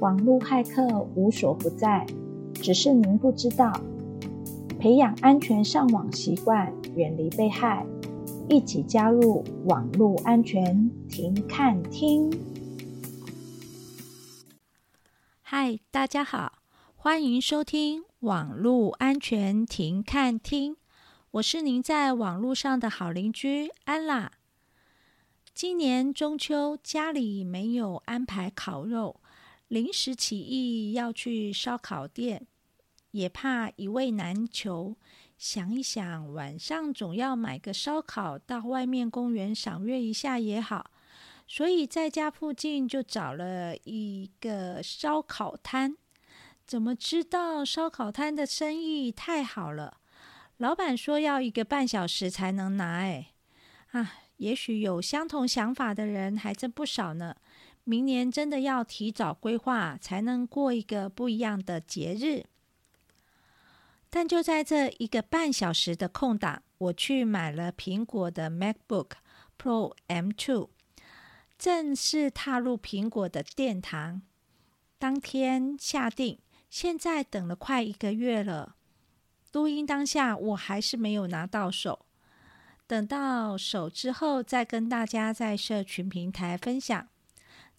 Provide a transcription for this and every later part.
網絡駭客無所不在，只是您不知道。培養安全上網習慣，遠離被害，一起加入網絡安全停看聽。嗨，Hi, 大家好，歡迎收聽網絡安全停看聽。我是您在網絡上的好鄰居安娜。今年中秋家裡沒有安排烤肉。臨時起意要去燒烤店，也怕一位難求。想一想，晚上總要買個燒烤，到外面公園賞月一下也好。所以在家附近就找了一個燒烤攤。怎麼知道燒烤攤的生意太好了？老闆說要一個半小時才能拿。哎，啊，也許有相同想法的人還真不少呢。明年真的要提早規劃，才能過一個不一樣的節日。但就在這一個半小時的空檔，我去買了蘋果的 MacBook Pro M2，正式踏入蘋果的殿堂。當天下定，現在等了快一個月了。錄音當下，我還是沒有拿到手。等到手之後，再跟大家在社群平台分享。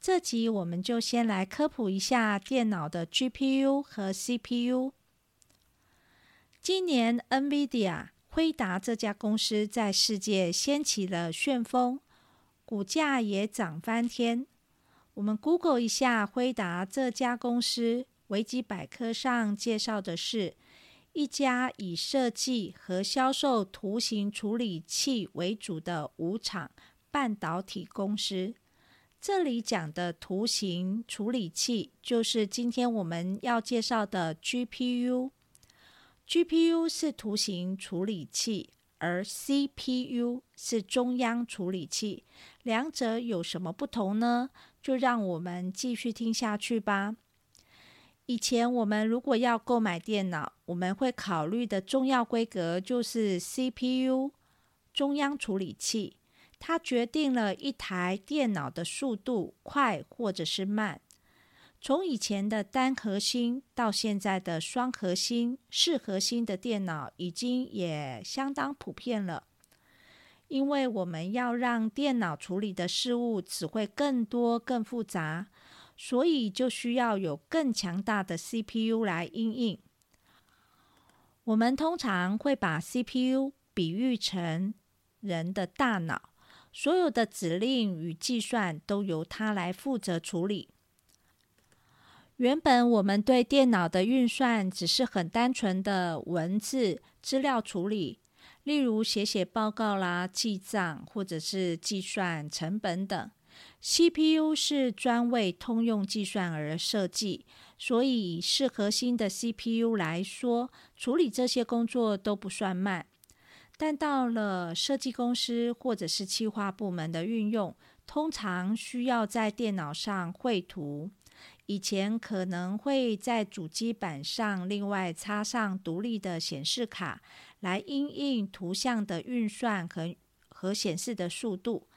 這集我們就先來科普一下電腦的 GPU 和 CPU。今年 NVIDIA 輝達這家公司在世界掀起了旋風，股價也漲翻天。我們 Google 一下輝達這家公司，維基百科上介紹的是一家以設計和銷售圖形處理器為主的無廠半導體公司。這裡講的圖形處理器就是今天我們要介紹的 GPU。GPU 是圖形處理器，而 CPU 是中央處理器。兩者有什麼不同呢？就讓我們繼續聽下去吧。以前我們如果要購買電腦，我們會考慮的重要規格就是 CPU，中央處理器。它決定了一台電腦的速度快或者是慢。從以前的單核心到現在的雙核心、四核心的電腦，已經也相當普遍了。因為我們要讓電腦處理的事物只會更多、更複雜，所以就需要有更強大的 CPU 來因應。我們通常會把 CPU 比喻成人的大腦。所有的指令與計算都由它來負責處理。原本我們對電腦的運算只是很單純的文字資料處理，例如寫寫報告啦、記賬或者是計算成本等。CPU 是專為通用計算而設計，所以以四核心的 CPU 來說，處理這些工作都不算慢。但到了設計公司或者是企劃部門的運用，通常需要在電腦上繪圖。以前可能會在主機板上另外插上獨立的顯示卡，來因應圖像的運算和和顯示的速度。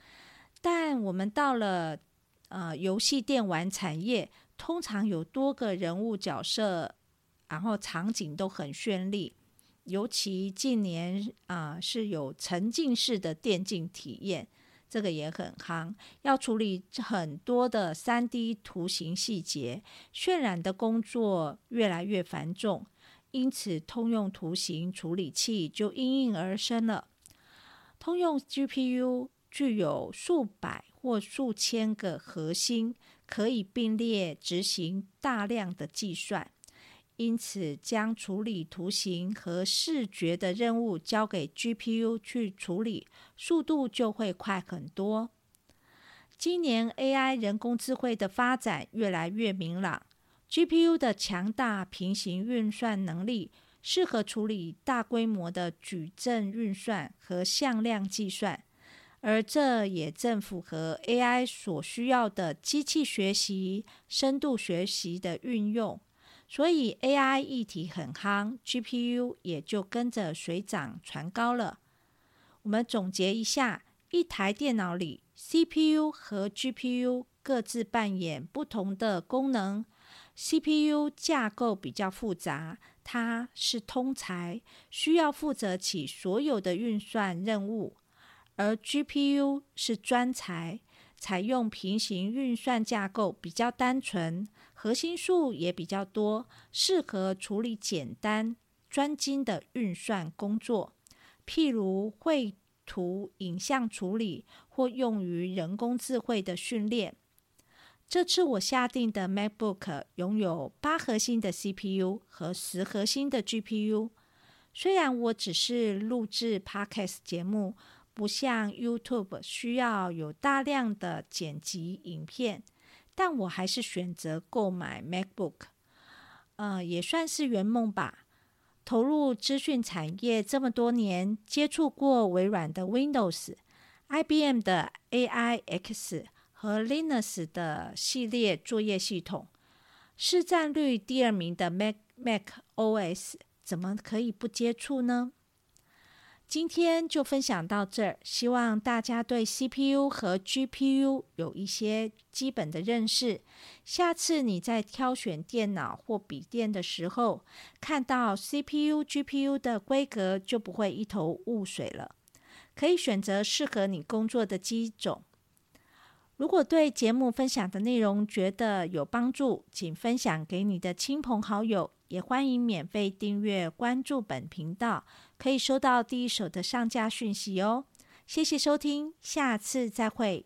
但我們到了呃遊戲電玩產業，通常有多個人物角色，然後場景都很絢麗。尤其近年啊，是有沉浸式的電競體驗，這個也很夯。要處理很多的三 D 圖形細節，渲染的工作越來越繁重，因此通用圖形處理器就應運而生了。通用 GPU 具有數百或數千個核心，可以並列執行大量的計算。因此，將處理圖形和視覺的任務交給 GPU 去處理，速度就會快很多。今年 AI 人工智慧的發展越來越明朗，GPU 的強大平行運算能力適合處理大規模的矩陣運算和向量計算，而這也正符合 AI 所需要的機器學習、深度學習的運用。所以 AI 議題很夯，GPU 也就跟着水漲船高了。我們總結一下：一台電腦裡，CPU 和 GPU 各自扮演不同的功能。CPU 架構比較複雜，它是通才，需要負責起所有的運算任務；而 GPU 是專才。採用平行運算架構比較單純，核心數也比較多，適合處理簡單、專精的運算工作，譬如繪圖、影像處理或用於人工智慧的訓練。這次我下訂的 MacBook 擁有八核心的 CPU 和十核心的 GPU，雖然我只是錄製 Podcast 節目。不像 YouTube 需要有大量的剪輯影片，但我還是選擇購買 MacBook，呃，也算是圓夢吧。投入資訊產業這麼多年，接觸過微軟的 Windows、IBM 的 AIX 和 Linux 的系列作業系統，市占率第二名的 Mac Mac OS，怎麼可以不接觸呢？今天就分享到這兒，希望大家對 CPU 和 GPU 有一些基本的認識。下次你在挑選電腦或筆電的時候，看到 CPU、GPU 的規格就不會一頭霧水了，可以選擇適合你工作的機種。如果對節目分享的內容覺得有幫助，請分享給你的親朋好友，也歡迎免費訂閱關注本頻道，可以收到第一手的上架訊息哦。謝謝收聽，下次再會。